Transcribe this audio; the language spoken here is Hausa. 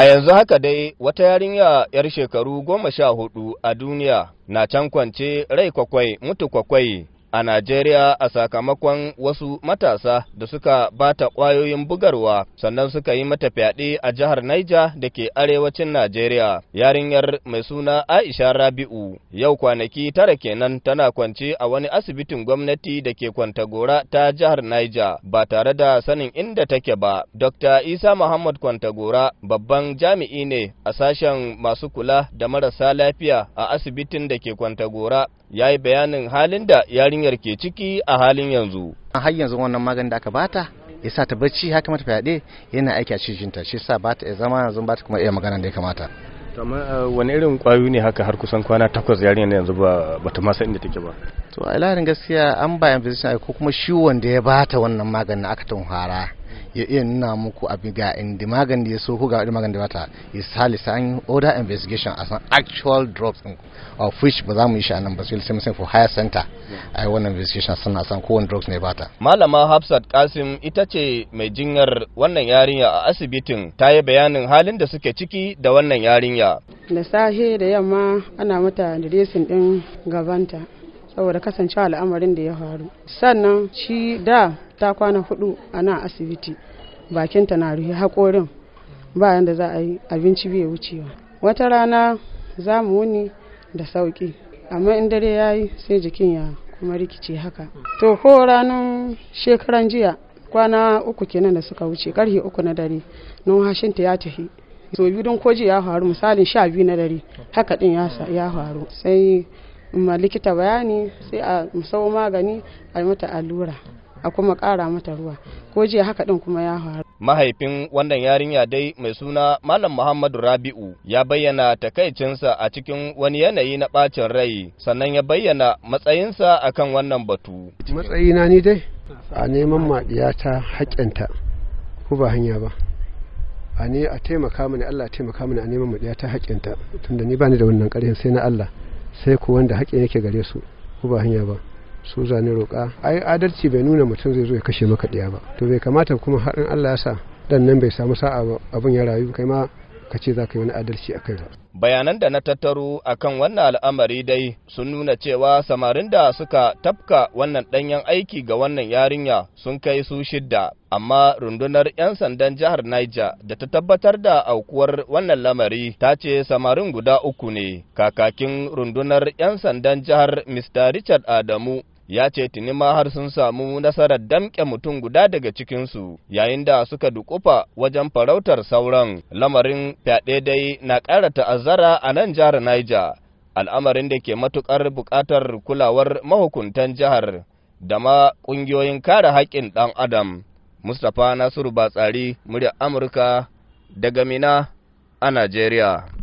A yanzu haka dai wata yarinya 'yar shekaru goma sha hudu a duniya na can kwance rai kwakwai mutu kwakwai a Najeriya a sakamakon wasu matasa da suka bata ƙwayoyin bugarwa sannan suka yi mata fyaɗe a jihar Naija da ke arewacin Najeriya. Yarinyar mai suna Aisha Rabi'u yau kwanaki tara kenan tana kwance a wani asibitin gwamnati da ke Kwantagora ta jihar Naija ba tare da sanin inda take ba. Dr. Isa Muhammad Kwantagora babban jami'i ne a sashen masu kula da marasa lafiya a asibitin da ke Kwantagora ya yi bayanin halin da yarinyar ke ciki a halin yanzu. Har yanzu wannan maganin da aka bata ya sa ta bacci haka mata fyaɗe yana aiki a cikinta shi sa ba ta zama yanzu ba kuma iya magana da ya kamata. Eh, wani irin kwayoyi ne haka har kusan kwana takwas yarinyar yanzu ba ta masa inda take ba. To a ilarin gaskiya an bayan physician ko kuma shi wanda ya bata wannan maganin aka tunhara. ya iya nuna muku abi ga inda magani da ya so ko ga wani magani da bata ya sali an order investigation a san actual drugs of which ba za mu yi shi a nan ba sai sai sai for higher center yi wannan investigation a san kowane drugs ne bata malama Hafsat Kasim ita ce mai jinyar wannan yarinya a asibitin ta yi bayanin halin da suke ciki da wannan yarinya da sahe da yamma ana mata dressing din gabanta saboda kasancewa al'amarin da ya faru sannan shi da ta kwana hudu a nan asibiti bakinta na rufe haƙorin bayan da za a yi abinci bai wucewa wata rana za mu wuni da sauƙi amma in dare ya yi sai jikin ya kuma rikice haka to ko ranar shekaran jiya kwana uku kenan da suka wuce karfe uku na dare ta ya tafi so biyu don koji ya faru misalin sha biyu na dare haka din ya faru sai ma likita bayani sai a sau magani a mata allura a kuma kara mata ruwa ko jiya haka din kuma ya faru mahaifin wannan yarinya dai mai suna malam muhammadu rabi'u ya bayyana takaicinsa a cikin wani yanayi na bacin rai sannan ya bayyana matsayinsa akan wannan batu matsayina ni dai a neman ta haƙƙinta ko ba hanya ba a ne a taimaka mini allah taimaka mini a neman ta haƙƙinta tunda ni bani da wannan ƙarfin sai na allah sai ko wanda haƙƙin yake gare su ku ba hanya ba su zane roƙa ai adalci bai nuna mutum zai zo ya kashe maka ɗaya ba to bai kamata kuma haɗin Allah ya sa dan nan bai samu sa'a ba abin ya rayu kai ma ka ce za ka yi wani adalci a kai Bayanan da na tattaro a kan wannan al'amari dai sun nuna cewa samarin da suka tafka wannan ɗanyen aiki ga wannan yarinya sun kai su shidda, amma rundunar 'yan sandan jihar Niger da ta tabbatar da aukuwar wannan lamari ta ce samarin guda uku ne, kakakin rundunar 'yan sandan jihar Mr. Richard Adamu ya ce tuni ma har sun samu nasarar damƙe mutum guda daga cikinsu yayin da suka dukufa wajen farautar sauran lamarin fyaɗe dai na ƙara ta'azzara a nan jihar Niger al'amarin da ke matuƙar buƙatar kulawar mahukuntan jihar da ma ƙungiyoyin kare haƙƙin ɗan adam Mustapha Nasiru Batsari muryar Amurka daga Mina a Najeriya